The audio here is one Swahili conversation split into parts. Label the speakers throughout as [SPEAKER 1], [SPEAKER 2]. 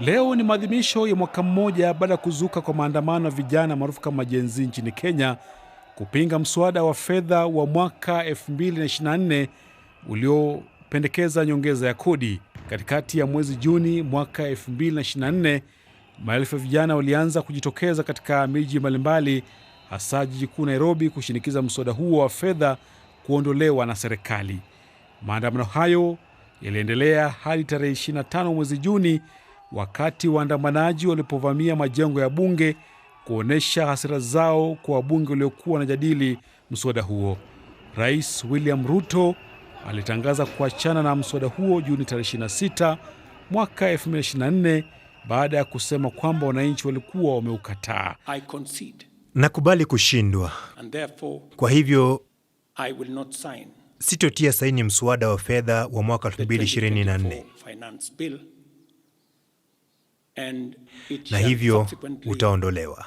[SPEAKER 1] Leo ni maadhimisho ya mwaka mmoja baada ya kuzuka kwa maandamano ya vijana maarufu kama majenzi nchini Kenya kupinga mswada wa fedha wa mwaka 2024 uliopendekeza nyongeza ya kodi. Katikati ya mwezi Juni mwaka 2024, maelfu ya vijana walianza kujitokeza katika miji mbalimbali, hasa jiji kuu Nairobi, kushinikiza mswada huo wa fedha kuondolewa na serikali. Maandamano hayo yaliendelea hadi tarehe 25 mwezi Juni wakati waandamanaji walipovamia majengo ya bunge kuonyesha hasira zao kwa wabunge waliokuwa wanajadili mswada huo. Rais William Ruto alitangaza kuachana na mswada huo Juni 26 mwaka 2024 baada ya kusema kwamba wananchi walikuwa wameukataa.
[SPEAKER 2] Nakubali kushindwa, kwa hivyo sitotia saini mswada wa fedha wa mwaka 2024 na hivyo utaondolewa.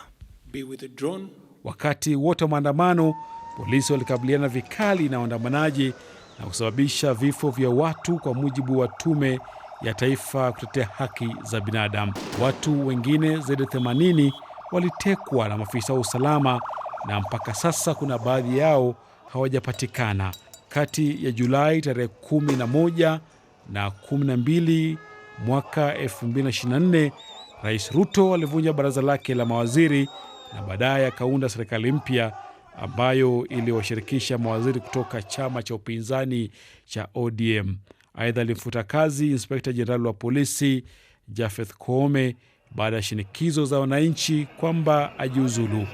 [SPEAKER 1] Wakati wote wa maandamano, polisi walikabiliana vikali na waandamanaji na kusababisha vifo vya watu, kwa mujibu wa tume ya taifa kutetea haki za binadamu. Watu wengine zaidi ya 80 walitekwa na maafisa wa usalama na mpaka sasa kuna baadhi yao hawajapatikana. Kati ya Julai tarehe 11 na 12 Mwaka 2024 Rais Ruto alivunja baraza lake la mawaziri na baadaye akaunda serikali mpya ambayo iliwashirikisha mawaziri kutoka chama cha upinzani cha ODM. Aidha, alimfuta kazi inspekta jenerali wa polisi Jafeth Koome baada ya shinikizo za wananchi kwamba ajiuzulu.